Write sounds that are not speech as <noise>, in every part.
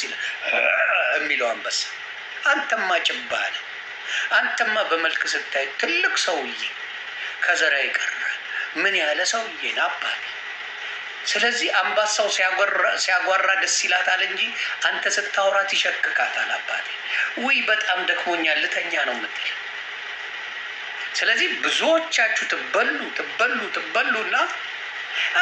ሲል የሚለው አንበሳ አንተማ ጭባ አለ። አንተማ በመልክ ስታይ ትልቅ ሰውዬ ከዘራ ይቀር ምን ያለ ሰውዬ ናባል። ስለዚህ አንበሳው ሲያጓራ ደስ ይላታል እንጂ አንተ ስታወራት ይሸክካታል። አባቴ ውይ በጣም ደክሞኛል ልተኛ ነው ምትል። ስለዚህ ብዙዎቻችሁ ትበሉ ትበሉ ትበሉና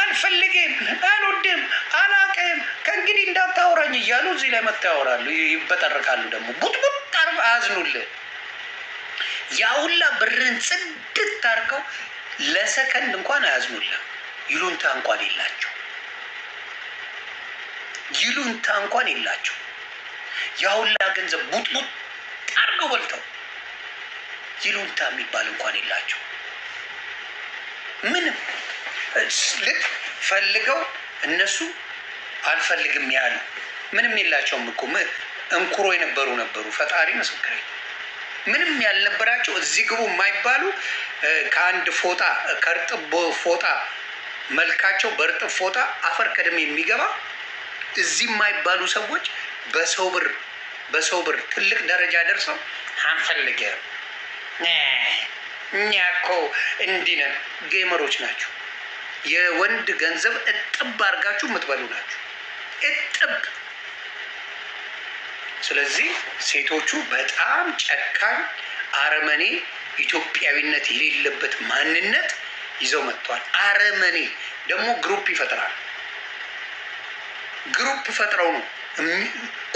አልፈልግም፣ አልወድም፣ አላቅም ከእንግዲህ እንዳታወራኝ እያሉ እዚህ ላይ መታ ያወራሉ፣ ይበጠርቃሉ። ደግሞ ቡጥቡጥ አርብ አያዝኑልህ። ያ ሁላ ብርን ጽድት አድርገው ለሰከንድ እንኳን አያዝኑልህ። ይሉንታ እንኳን የላቸው፣ ይሉንታ እንኳን የላቸው። ያ ሁላ ገንዘብ ቡጥቡጥ አድርገው በልተው ይሉንታ የሚባል እንኳን የላቸው ምንም ልክ ፈልገው እነሱ አልፈልግም ያሉ ምንም የላቸውም እኮ እንኩሮ የነበሩ ነበሩ። ፈጣሪ ምስክሬ ምንም ያልነበራቸው እዚህ ግቡ የማይባሉ ከአንድ ፎጣ ከእርጥብ ፎጣ መልካቸው በእርጥብ ፎጣ አፈር ከደም የሚገባ እዚህ የማይባሉ ሰዎች በሰው ብር በሰው ብር ትልቅ ደረጃ ደርሰው አንፈልግም እኛ እኮ እንዲህ ነን ጌመሮች ናቸው። የወንድ ገንዘብ እጥብ አድርጋችሁ የምትበሉ ናችሁ። እጥብ። ስለዚህ ሴቶቹ በጣም ጨካኝ፣ አረመኔ፣ ኢትዮጵያዊነት የሌለበት ማንነት ይዘው መጥተዋል። አረመኔ ደግሞ ግሩፕ ይፈጥራል። ግሩፕ ፈጥረው ነው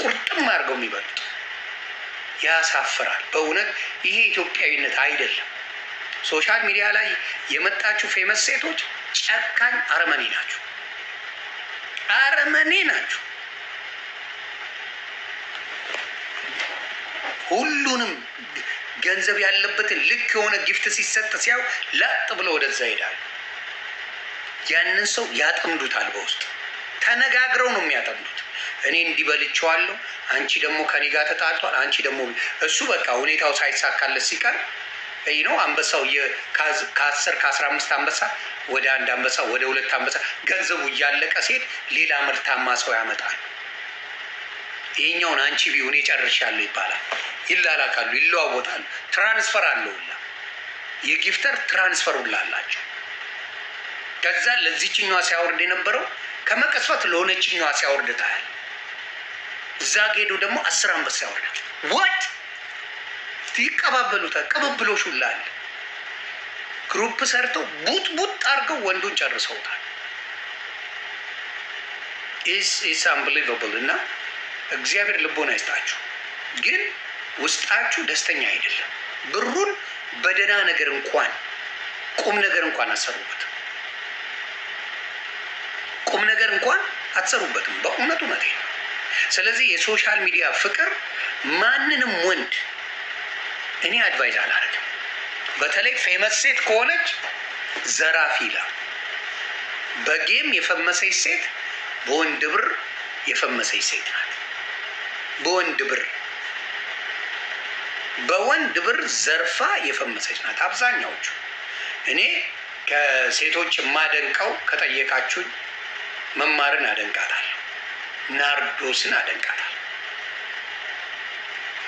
ቁርጥም አድርገው የሚበሉት። ያሳፍራል በእውነት ይሄ ኢትዮጵያዊነት አይደለም። ሶሻል ሚዲያ ላይ የመጣችሁ ፌመስ ሴቶች ጨካኝ አረመኔ ናቸው። አረመኔ ናቸው። ሁሉንም ገንዘብ ያለበትን ልክ የሆነ ጊፍት ሲሰጥ ሲያው ለጥ ብሎ ወደዛ ይሄዳል። ያንን ሰው ያጠምዱታል። በውስጥ ተነጋግረው ነው የሚያጠምዱት። እኔ እንዲበልቸዋለሁ፣ አንቺ ደግሞ ከኔ ጋር ተጣልቷል፣ አንቺ ደግሞ እሱ በቃ ሁኔታው ሳይሳካለት ሲቀር ይህ ነው አንበሳው ከአስር ከአስራ አምስት አንበሳ ወደ አንድ አንበሳ፣ ወደ ሁለት አንበሳ ገንዘቡ እያለቀ ሴት ሌላ ምርታማ ሰው ያመጣል። ይሄኛውን አንቺ ቢሆን ጨርሻለሁ ይባላል። ይላላካሉ፣ ይለዋወጣሉ። ትራንስፈር አለውላ የጊፍተር ትራንስፈር ሁላ ከዛ ለዚችኛዋ ሲያወርድ የነበረው ከመቀስፈት ለሆነችኛዋ ሲያወርድ ታያል። እዛ ጌዶ ደግሞ አስር አንበሳ ያወርዳል። ወጥ ይቀባበሉታል። ቅብብሎሽ ሁላ ግሩፕ ሰርተው ቡጥ ቡጥ አድርገው ወንዱን ጨርሰውታል። ኢስ አንብሊቨብል እና እግዚአብሔር ልቦና ይስጣችሁ። ግን ውስጣችሁ ደስተኛ አይደለም። ብሩን በደህና ነገር እንኳን ቁም ነገር እንኳን አትሰሩበትም። ቁም ነገር እንኳን አትሰሩበትም። በእውነቱ መቴ ስለዚህ የሶሻል ሚዲያ ፍቅር ማንንም ወንድ እኔ አድቫይዝ አላደርግም። በተለይ ፌመስ ሴት ከሆነች ዘራፊ ይላል። በጌም የፈመሰች ሴት በወንድ ብር የፈመሰች ሴት ናት። በወንድ ብር በወንድ ብር ዘርፋ የፈመሰች ናት። አብዛኛዎቹ እኔ ከሴቶች የማደንቀው ከጠየቃችሁኝ መማርን አደንቃታለሁ፣ ናርዶስን አደንቃታለሁ።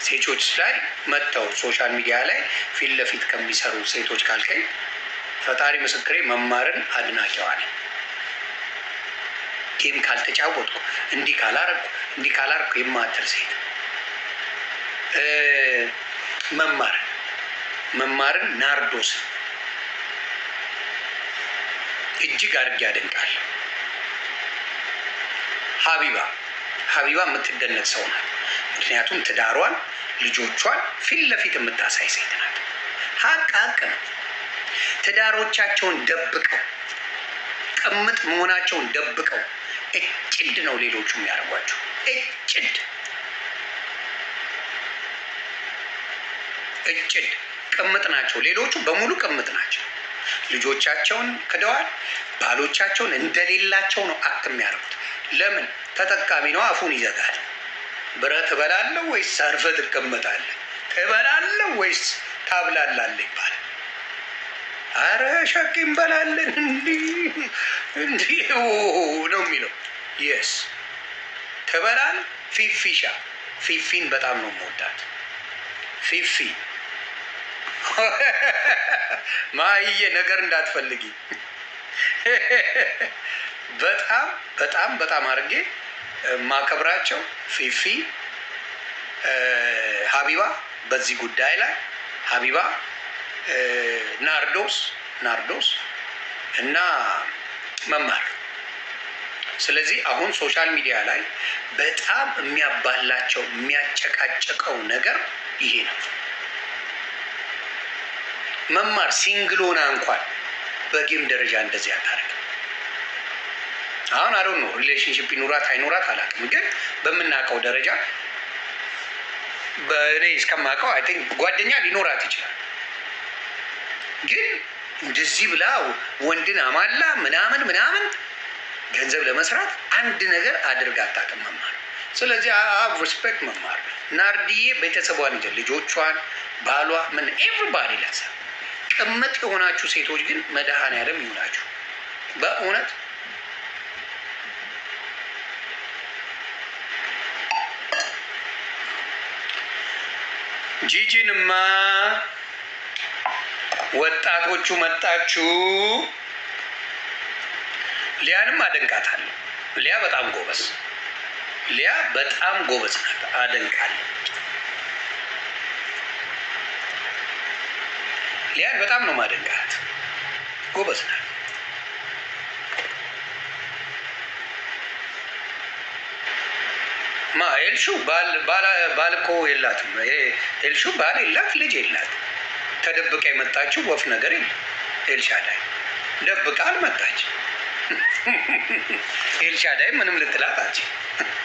ሴቶች ላይ መጥተው ሶሻል ሚዲያ ላይ ፊት ለፊት ከሚሰሩ ሴቶች ካልከኝ ፈጣሪ ምስክሬ መማርን አድናቂዋል። ጌም ካልተጫወትኩ እንዲህ ካላረኩ እንዲህ ካላርኩ የማትል ሴት መማር መማርን ናርዶስ እጅግ አድርጌ ያደንቃል። ሀቢባ ሀቢባ የምትደነቅ ሰው ናት። ምክንያቱም ትዳሯን ልጆቿን ፊት ለፊት የምታሳይ ሴት ናት። ሀቅ ሀቅ ነው። ትዳሮቻቸውን ደብቀው ቅምጥ መሆናቸውን ደብቀው እጭድ ነው ሌሎቹ የሚያደርጓቸው እጭድ እጭድ ቅምጥ ናቸው። ሌሎቹ በሙሉ ቅምጥ ናቸው። ልጆቻቸውን ክደዋል። ባሎቻቸውን እንደሌላቸው ነው አክ የሚያደርጉት። ለምን ተጠቃሚ ነው? አፉን ይዘጋል። ብረት እበላለሁ ወይስ አርፈ ትቀመጣለህ? እበላለሁ ወይስ ታብላላለህ ይባላል። አረ ሸቅ እንበላለን እንዲህ እንዲህ ነው የሚለው። የስ ትበላል። ፊፊሻ ፊፊን በጣም ነው መወዳት። ፊፊ ማየ ነገር እንዳትፈልጊ በጣም በጣም በጣም አድርጌ ማከብራቸው ፊፊ ሀቢባ በዚህ ጉዳይ ላይ ሀቢባ ናርዶስ ናርዶስ እና መማር። ስለዚህ አሁን ሶሻል ሚዲያ ላይ በጣም የሚያባላቸው የሚያጨቃጨቀው ነገር ይሄ ነው። መማር ሲንግሎና እንኳን በጌም ደረጃ እንደዚህ አታረግ አሁን አይደ ነው ሪሌሽንሽፕ ይኑራት አይኑራት አላውቅም፣ ግን በምናውቀው ደረጃ በእኔ እስከማውቀው አይ ቲንክ ጓደኛ ሊኖራት ይችላል። ግን እንደዚህ ብላ ወንድን አማላ ምናምን ምናምን ገንዘብ ለመስራት አንድ ነገር አድርጋ አታውቅም መማር። ስለዚህ አብ ሪስፔክት መማር ናርዲዬ ቤተሰቧን ይዘ ልጆቿን፣ ባሏ ምን ኤቭሪባዲ ለሰ ቅምጥ የሆናችሁ ሴቶች ግን መድኃኔዓለም ይሁናችሁ በእውነት ጂጂንማ ወጣቶቹ መጣችሁ። ሊያንም አደንቃታለሁ። ሊያ በጣም ጎበዝ፣ ሊያ በጣም ጎበዝ ናት፣ አደንቃለሁ። ሊያን በጣም ነው ማደንቃት፣ ጎበዝ ናት። ማ ኤልሹ ባል እኮ የላትም። ኤልሹ ባል የላት ልጅ የላት። ተደብቃ የመጣችው ወፍ ነገር የለም። ኤልሻዳይ ደብቃ አልመጣች። <laughs> ኤልሻዳይ ምንም ልትላጣች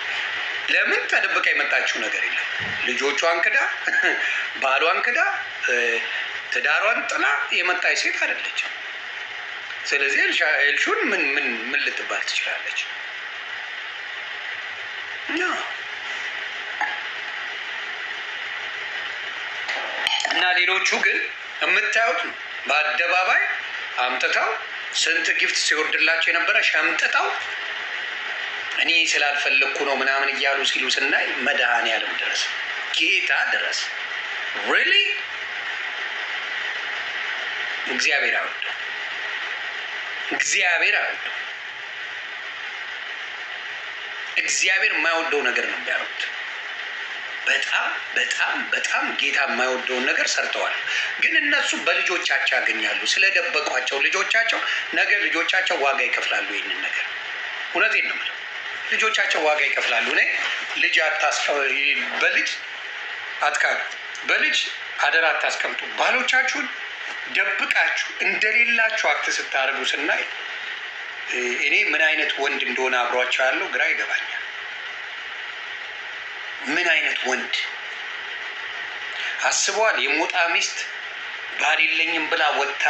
<laughs> ለምን ተደብቃ የመጣችው ነገር የለም። ልጆቿን ክዳ፣ <laughs> ባሏን ክዳ፣ ትዳሯን ጥላ የመጣች ሴት አይደለችም። ስለዚህ ኤልሹን ምን ምን ምን ልትባል ትችላለች? ሌሎቹ ግን የምታዩት ነው። በአደባባይ አምጥተው ስንት ጊፍት ሲወርድላቸው የነበረ ሸምጥተው እኔ ስላልፈለግኩ ነው ምናምን እያሉ ሲሉ ስናይ መድኃኔዓለም ድረስ ጌታ ድረስ ሪሊ እግዚአብሔር አወደ እግዚአብሔር አወደ እግዚአብሔር የማይወደው ነገር ነው ያሉት። በጣም በጣም በጣም ጌታ የማይወደውን ነገር ሰርተዋል። ግን እነሱ በልጆቻቸው ያገኛሉ ስለደበቋቸው ልጆቻቸው ነገ ልጆቻቸው ዋጋ ይከፍላሉ። ይህንን ነገር እውነት ነው የምለው፣ ልጆቻቸው ዋጋ ይከፍላሉ። እኔ ልጅ በልጅ አትካ በልጅ አደራ አታስቀምጡ። ባሎቻችሁን ደብቃችሁ እንደሌላችሁ አክት ስታደርጉ ስናይ እኔ ምን አይነት ወንድ እንደሆነ አብሯቸው ያለው ግራ ይገባኛል። ምን አይነት ወንድ አስበዋል? የሞጣ ሚስት ባል የለኝም ብላ ወጥታ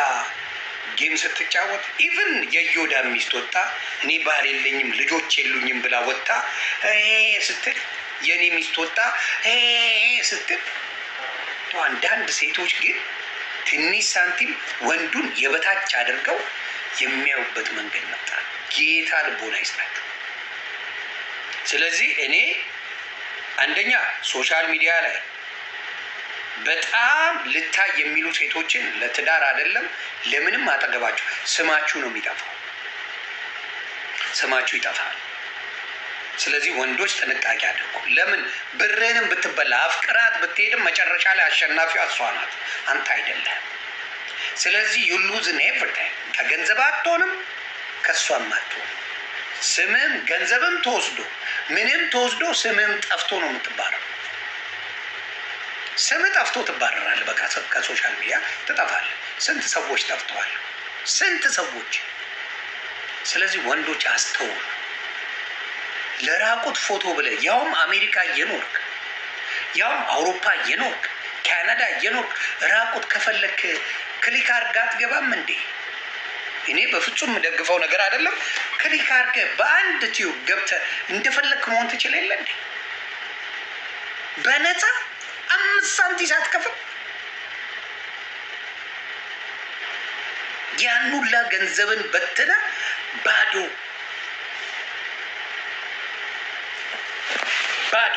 ጌም ስትጫወት፣ ኢቭን የዮዳ ሚስት ወጣ እኔ ባል የለኝም ልጆች የሉኝም ብላ ወጥታ ስትል፣ የእኔ ሚስት ወጣ ስትል። አንዳንድ ሴቶች ግን ትንሽ ሳንቲም ወንዱን የበታች አድርገው የሚያዩበት መንገድ መጣ። ጌታ ልቦና ይስጣችሁ። ስለዚህ እኔ አንደኛ ሶሻል ሚዲያ ላይ በጣም ልታይ የሚሉ ሴቶችን ለትዳር አይደለም ለምንም አጠገባችሁ ስማችሁ ነው የሚጠፋው፣ ስማችሁ ይጠፋል። ስለዚህ ወንዶች ጥንቃቄ አድርጉ። ለምን ብርህንም ብትበላ አፍቅራት ብትሄድም መጨረሻ ላይ አሸናፊው እሷ ናት፣ አንተ አይደለም። ስለዚህ ዩሉዝን ኤቭሪታይም ከገንዘብ አትሆንም፣ ከእሷም አትሆንም። ስምም ገንዘብም ተወስዶ ምንም ተወስዶ ስምም ጠፍቶ ነው የምትባረው። ስም ጠፍቶ ትባረራል። በቃ ከሶሻል ሚዲያ ትጠፋል። ስንት ሰዎች ጠፍተዋል። ስንት ሰዎች። ስለዚህ ወንዶች አስተውሉ። ለራቁት ፎቶ ብለህ ያውም አሜሪካ እየኖርክ ያውም አውሮፓ እየኖርክ ካናዳ እየኖርክ ራቁት ከፈለክ ክሊክ አርጋ አትገባም እንዴ? እኔ በፍጹም የምደግፈው ነገር አይደለም። ክሊክ አድርገህ በአንድ ቲዩ ገብተ እንደፈለግ መሆን ትችል የለ እንዴ? በነፃ አምስት ሳንቲ ሳትከፍል ያን ሁላ ገንዘብን በትነ ባዶ ባዶ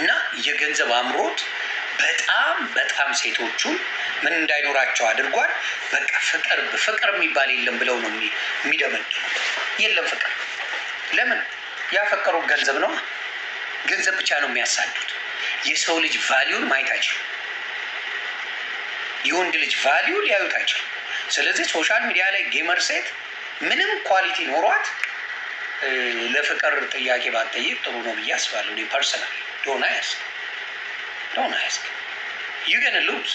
እና የገንዘብ አምሮት በጣም በጣም ሴቶቹን ምን እንዳይኖራቸው አድርጓል። በቃ ፍቅር ፍቅር የሚባል የለም ብለው ነው የሚደመድ የለም ፍቅር። ለምን ያፈቀሩ ገንዘብ ነው፣ ገንዘብ ብቻ ነው የሚያሳዱት። የሰው ልጅ ቫሊዩን ማየት አይችልም። የወንድ ልጅ ቫሊዩ ሊያዩት አይችልም። ስለዚህ ሶሻል ሚዲያ ላይ ጌመር ሴት ምንም ኳሊቲ ኖሯት ለፍቅር ጥያቄ ባትጠይቅ ጥሩ ነው ብዬ አስባለሁ። ፐርሰናል ሊሆን ዶን አስክ ዩ ገን ሉዝ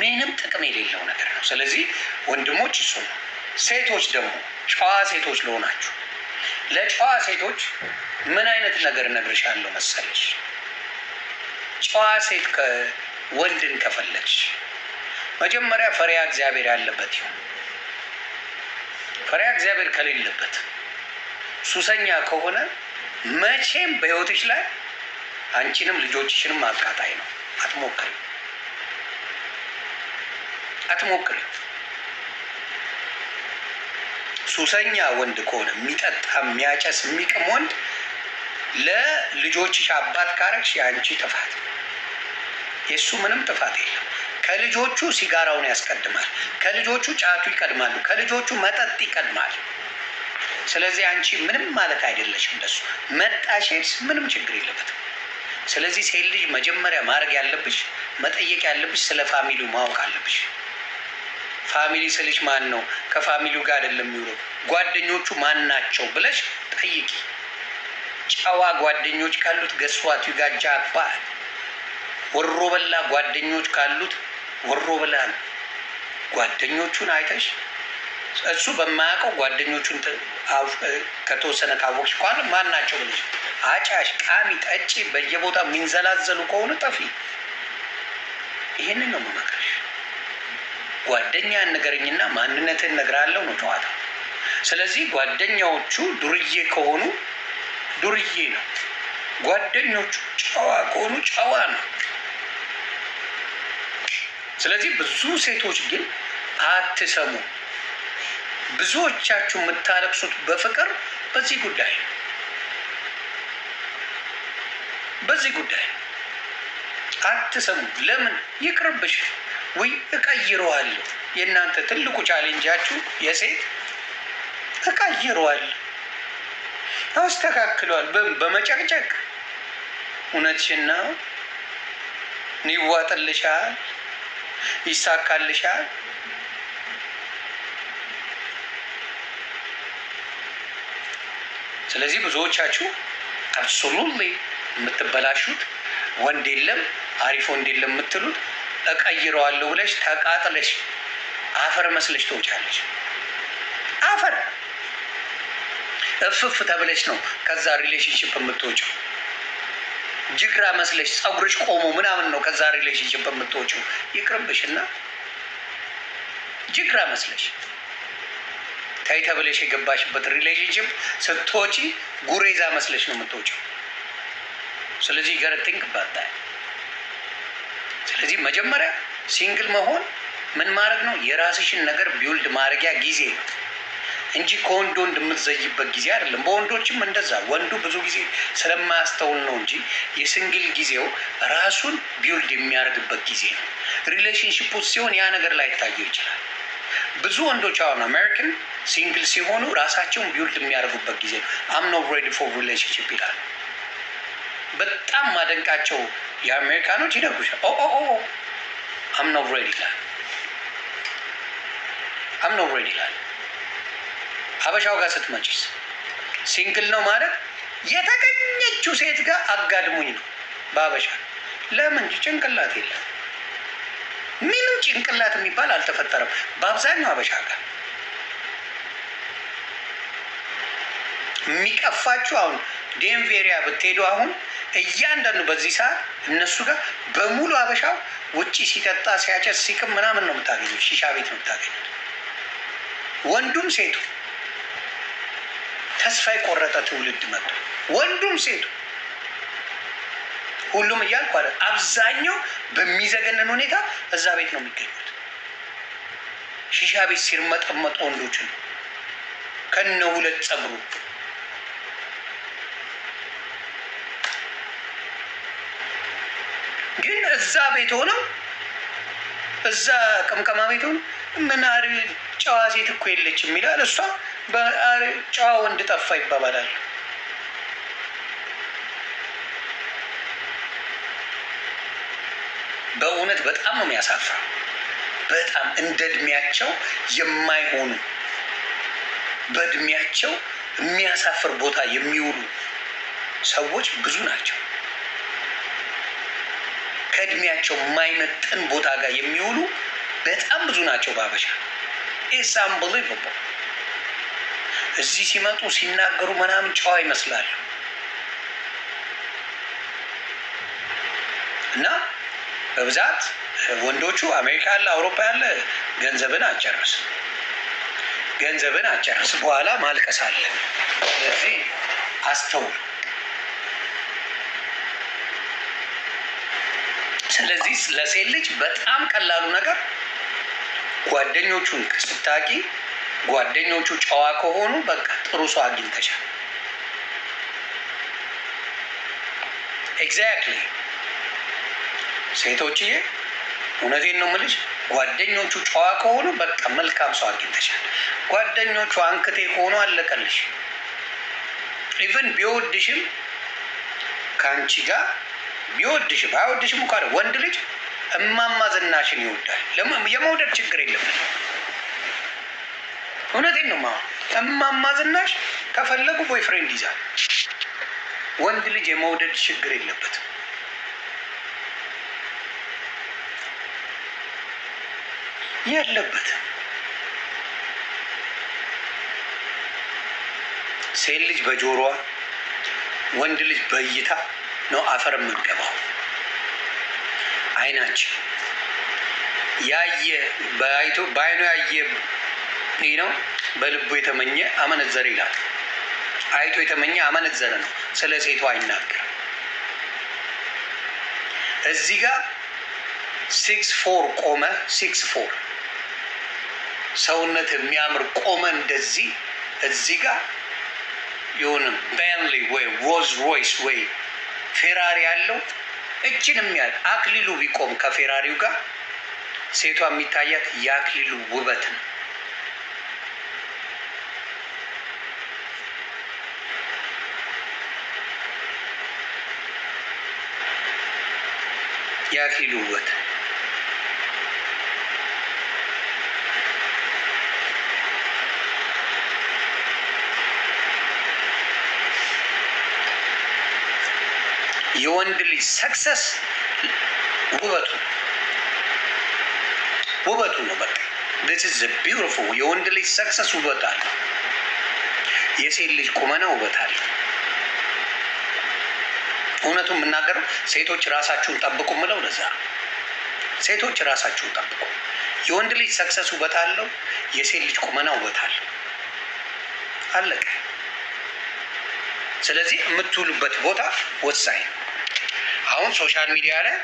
ምንም ጥቅም የሌለው ነገር ነው። ስለዚህ ወንድሞች እሱ ነው። ሴቶች ደግሞ ጨዋ ሴቶች ለሆናችሁ ለጨዋ ሴቶች ምን አይነት ነገር እነግርሻለሁ መሰለሽ? ጨዋ ሴት ወንድን ከፈለግሽ መጀመሪያ ፈሪያ እግዚአብሔር ያለበት ይሁን። ፈሪያ እግዚአብሔር ከሌለበት ሱሰኛ ከሆነ መቼም በህይወትሽ ላይ አንቺንም ልጆችሽንም አቃጣይ ነው። አትሞክሪ አትሞክሪ። ሱሰኛ ወንድ ከሆነ የሚጠጣ የሚያጨስ የሚቅም ወንድ ለልጆችሽ አባት ካረግሽ የአንቺ ጥፋት፣ የእሱ ምንም ጥፋት የለም። ከልጆቹ ሲጋራውን ያስቀድማል። ከልጆቹ ጫቱ ይቀድማሉ። ከልጆቹ መጠጥ ይቀድማል። ስለዚህ አንቺ ምንም ማለት አይደለሽም። እንደሱ መጣሽ ምንም ችግር የለበትም። ስለዚህ ሴት ልጅ መጀመሪያ ማድረግ ያለብሽ መጠየቅ ያለብሽ ስለ ፋሚሊው ማወቅ አለብሽ። ፋሚሊ ስልሽ ማን ነው? ከፋሚሊው ጋር አይደለም የሚውለው ጓደኞቹ ማን ናቸው ብለሽ ጠይቂ። ጨዋ ጓደኞች ካሉት ገስዋት ዩጋጃ አባ ወሮ በላ ጓደኞች ካሉት ወሮ በላ ጓደኞቹን አይተሽ እሱ በማያውቀው ጓደኞቹን ከተወሰነ ካወቅሽ በኋላ ማን ናቸው ብለሽ አጫሽ፣ ቃሚ፣ ጠጪ በየቦታ የሚንዘላዘሉ ከሆኑ ጠፊ። ይህንን ነው የምመክርሽ። ጓደኛን ንገረኝና ማንነትን አለው ነው ጨዋታ። ስለዚህ ጓደኛዎቹ ዱርዬ ከሆኑ ዱርዬ ነው፣ ጓደኞቹ ጨዋ ከሆኑ ጨዋ ነው። ስለዚህ ብዙ ሴቶች ግን አትሰሙ። ብዙዎቻችሁ የምታለቅሱት በፍቅር በዚህ ጉዳይ ነው። በዚህ ጉዳይ አትሰሙ። ለምን ይቅርብሽ፣ ወይ እቀይረዋለሁ። የእናንተ ትልቁ ቻሌንጃችሁ የሴት እቀይረዋለሁ፣ አስተካክለዋል በመጨቅጨቅ እውነትሽና ይዋጥልሻል፣ ይሳካልሻል። ስለዚህ ብዙዎቻችሁ አብሶሉትሊ የምትበላሹት ወንድ የለም አሪፍ ወንድ የለም የምትሉት እቀይረዋለሁ ብለሽ ተቃጥለሽ አፈር መስለሽ ትወጫለሽ። አፈር እፍፍ ተብለሽ ነው ከዛ ሪሌሽንሽፕ የምትወጪው። ጅግራ መስለሽ ፀጉርሽ ቆሞ ምናምን ነው ከዛ ሪሌሽንሽፕ የምትወጪው። ይቅርብሽ እና ጅግራ መስለሽ ተይ ተብለሽ የገባሽበት ሪሌሽንሽፕ ስትወጪ ጉሬዛ መስለሽ ነው የምትወጪው። ስለዚህ ጋር ቲንክ ባታ። ስለዚህ መጀመሪያ ሲንግል መሆን ምን ማድረግ ነው? የራስሽን ነገር ቢውልድ ማድረጊያ ጊዜ እንጂ ከወንድ ወንድ የምትዘይበት ጊዜ አይደለም። በወንዶችም እንደዛ ወንዱ ብዙ ጊዜ ስለማያስተውል ነው እንጂ የሲንግል ጊዜው ራሱን ቢውልድ የሚያደርግበት ጊዜ ነው። ሪሌሽንሽፕ ውስጥ ሲሆን ያ ነገር ላይታየው ይችላል። ብዙ ወንዶች አሁን አሜሪካን ሲንግል ሲሆኑ ራሳቸውን ቢውልድ የሚያደርጉበት ጊዜ ነው። አም ኖት ሬዲ ፎር ሪሌሽንሽፕ ይላል። በጣም ማደንቃቸው የአሜሪካኖች ይደጉሻል። አምኖ ሬድ ይላል፣ አምኖ ሬድ ይላል። ሀበሻው ጋር ስትመጪስ ሲንግል ነው ማለት የተገኘችው ሴት ጋር አጋድሙኝ ነው በሀበሻ ለምን ጭንቅላት የለም። ምንም ጭንቅላት የሚባል አልተፈጠረም በአብዛኛው ሀበሻ ጋር የሚቀፋችሁ አሁን ዴንቬሪያ ብትሄዱ አሁን እያንዳንዱ በዚህ ሰዓት እነሱ ጋር በሙሉ አበሻው ውጭ ሲጠጣ ሲያጨስ ሲቅም ምናምን ነው የምታገኙት። ሺሻ ቤት ነው የምታገኙት። ወንዱም ሴቱ ተስፋ የቆረጠ ትውልድ መጡ። ወንዱም ሴቱ ሁሉም እያልኩ አለ። አብዛኛው በሚዘገንን ሁኔታ እዛ ቤት ነው የሚገኙት። ሺሻ ቤት ሲርመጠመጡ ነው ከነ ሁለት ጸጉሩ እዛ ቤት ሆነው እዛ ቅምቀማ ቤት ሆኖ ምን አሪ ጨዋ ሴት እኮ የለችም ይላል። እሷ ጨዋ ወንድ ጠፋ ይባባላል። በእውነት በጣም ነው የሚያሳፍረው። በጣም እንደ እድሜያቸው የማይሆኑ በእድሜያቸው የሚያሳፍር ቦታ የሚውሉ ሰዎች ብዙ ናቸው። ከእድሜያቸው የማይመጥን ቦታ ጋር የሚውሉ በጣም ብዙ ናቸው በሀበሻ ኢስ አንብሊቨብል። እዚህ ሲመጡ ሲናገሩ ምናምን ጨዋ ይመስላል እና በብዛት ወንዶቹ አሜሪካ ያለ አውሮፓ ያለ ገንዘብን አጨረስ ገንዘብን አጨርስ በኋላ ማልቀስ አለ። ስለዚህ አስተውል። ስለዚህ ለሴት ልጅ በጣም ቀላሉ ነገር ጓደኞቹን ስታቂ፣ ጓደኞቹ ጨዋ ከሆኑ በቃ ጥሩ ሰው አግኝተሻል። ኤግዛክትሊ ሴቶችዬ፣ እውነቴን ነው የምልሽ። ጓደኞቹ ጨዋ ከሆኑ በቃ መልካም ሰው አግኝተሻል። ጓደኞቹ አንክቴ ከሆኑ አለቀልሽ። ኢቨን ቢወድሽም ከአንቺ ጋር ቢወድሽም አይወድሽም እንኳን ወንድ ልጅ እማማ ዝናሽን ይወዳል። የመውደድ ችግር የለበትም። እውነቴን ነው። አሁን እማማ ዝናሽ ከፈለጉ ቦይፍሬንድ ይዛል። ወንድ ልጅ የመውደድ ችግር የለበትም። ያለበት ሴት ልጅ በጆሮዋ፣ ወንድ ልጅ በእይታ ነው አፈር የምንገባው። አይናችን ያየ በአይኑ ያየ ይህ ነው፣ በልቡ የተመኘ አመነዘረ ይላል። አይቶ የተመኘ አመነዘረ ነው። ስለ ሴቱ አይናገር እዚህ ጋር ሲክስ ፎር ቆመ። ሲክስ ፎር ሰውነት የሚያምር ቆመ። እንደዚህ እዚህ ጋር የሆነ ቤንሊ ወይ ሮዝ ሮይስ ወይ ፌራሪ ያለው እጅንም ያል አክሊሉ ቢቆም ከፌራሪው ጋር ሴቷ የሚታያት የአክሊሉ ውበት ነው። የአክሊሉ ውበት የወንድ ልጅ ሰክሰስ ውበቱ ውበቱ ነው። በቃ ስ is a የወንድ ልጅ ሰክሰስ ውበት አለው። የሴት ልጅ ቁመና ውበት አለው። እውነቱን የምናገረው ሴቶች ራሳችሁን ጠብቁ ምለው ለዛ ሴቶች ራሳችሁን ጠብቁ። የወንድ ልጅ ሰክሰስ ውበት አለው። የሴት ልጅ ቁመና ውበት አለው። አለቀ። ስለዚህ የምትውሉበት ቦታ ወሳኝ ነው። አሁን ሶሻል ሚዲያ ላይ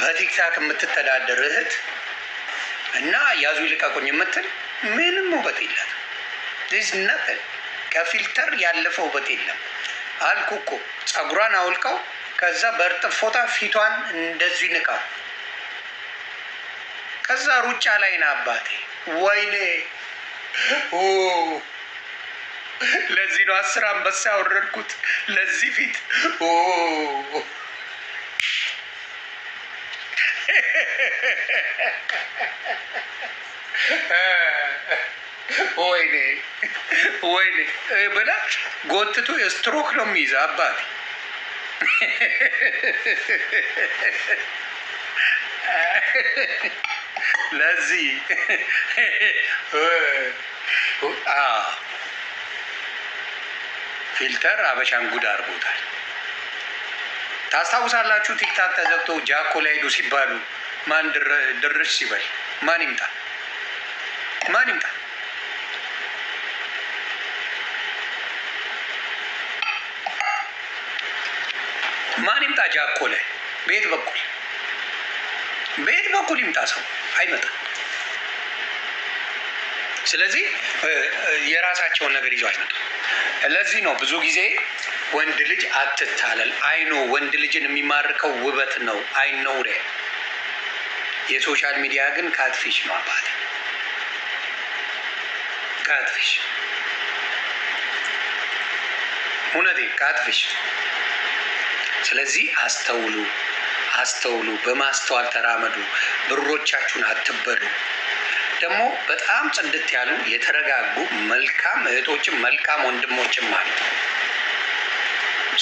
በቲክታክ የምትተዳደር እህት እና ያዙ ይልቀቁኝ የምትል ምንም ውበት የላት ዚስ ነትን ከፊልተር ያለፈ ውበት የለም። አልኩ እኮ ጸጉሯን አውልቀው ከዛ በእርጥብ ፎጣ ፊቷን እንደዚህ ንቃ፣ ከዛ ሩጫ ላይ ና አባቴ። ወይኔ ለዚህ ነው አስር አንበሳ ያወረድኩት ለዚህ ፊት ወይኔ ወይኔ ብላ ጎትቶ የስትሮክ ነው የሚይዘ አባት ለዚህ ፊልተር አበሻን ጉድ አድርጎታል። ታስታውሳላችሁ ቲክታክ ተዘግቶ ጃኮ ላይ ሄዱ ሲባሉ ማን ድርሽ ሲበል ማን ይምጣ? ማን ይምጣ? ማን ይምጣ? ጃኮለ በየት በኩል በየት በኩል ይምጣ? ሰው አይመጣም። ስለዚህ የራሳቸውን ነገር ይዞ አይመጣም። ለዚህ ነው ብዙ ጊዜ ወንድ ልጅ አትታለል አይኖ ወንድ ልጅን የሚማርከው ውበት ነው አይነውረ የሶሻል ሚዲያ ግን ካትፊሽ ነው አባቴ፣ ካትፊሽ እውነቴ፣ ካትፊሽ። ስለዚህ አስተውሉ፣ አስተውሉ፣ በማስተዋል ተራመዱ፣ ብሮቻችሁን አትበሉ። ደግሞ በጣም ጽድት ያሉ የተረጋጉ መልካም እህቶችም መልካም ወንድሞችም አሉ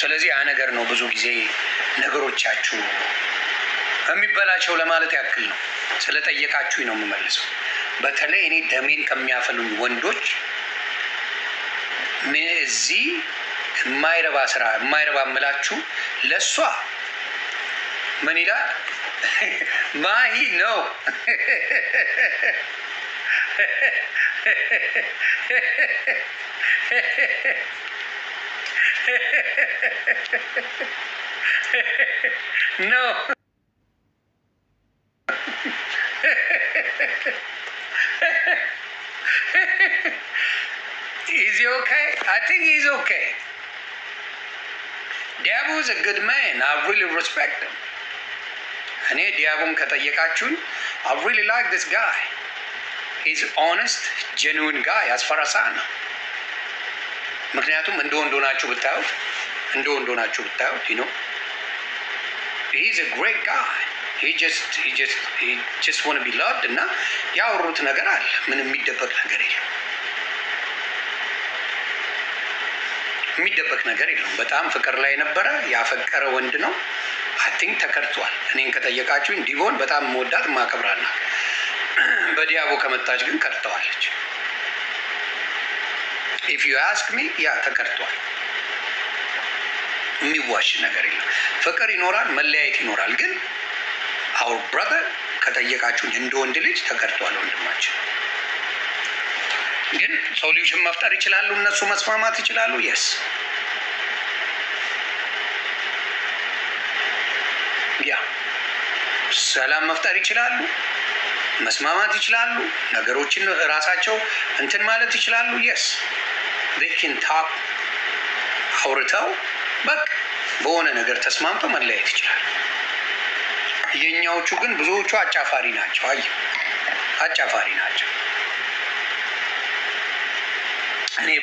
ስለዚህ ያ ነገር ነው ብዙ ጊዜ ነገሮቻችሁ የሚበላቸው ለማለት ያክል ነው። ስለጠየቃችሁኝ ነው የምመልሰው። በተለይ እኔ ደሜን ከሚያፈሉኝ ወንዶች እዚህ የማይረባ ስራ የማይረባ ምላችሁ ለእሷ ምን ይላል <laughs> ማሂ ነው <laughs> ነው was a good man. I really respect him. እኔ ዲያቆን ከጠየቃችሁኝ I really like this guy. He's honest, genuine guy. አስፈራሳ ነው። ምክንያቱም እንደ ወንዶ ናችሁ ብታዩት እንደ ወንዶ ናችሁ ብታዩት you know he's a great guy. he just he just he just want to be loved እና ያወሩት ነገር አለ። ምንም የሚደበቅ ነገር የለም። የሚደበቅ ነገር የለም። በጣም ፍቅር ላይ ነበረ። ያፈቀረ ወንድ ነው። አቲንክ ተከርቷል እኔን ከጠየቃችሁኝ ዲቦን በጣም መወዳት ማከብራና በዲያቦ ከመጣች ግን ከርተዋለች። ኢፍ ዩ አስክ ሚ ያ ተከርቷል። የሚዋሽ ነገር የለም። ፍቅር ይኖራል፣ መለያየት ይኖራል። ግን አውር ብራዘር ከጠየቃችሁኝ እንደ ወንድ ልጅ ተከርቷል ወንድማችን። ግን ሶሉሽን መፍጠር ይችላሉ እነሱ መስማማት ይችላሉ የስ ያ ሰላም መፍጠር ይችላሉ መስማማት ይችላሉ ነገሮችን ራሳቸው እንትን ማለት ይችላሉ የስ ን ታፕ አውርተው በቃ በሆነ ነገር ተስማምተው መለያየት ይችላሉ የኛዎቹ ግን ብዙዎቹ አጫፋሪ ናቸው አይ አጫፋሪ ናቸው እኔ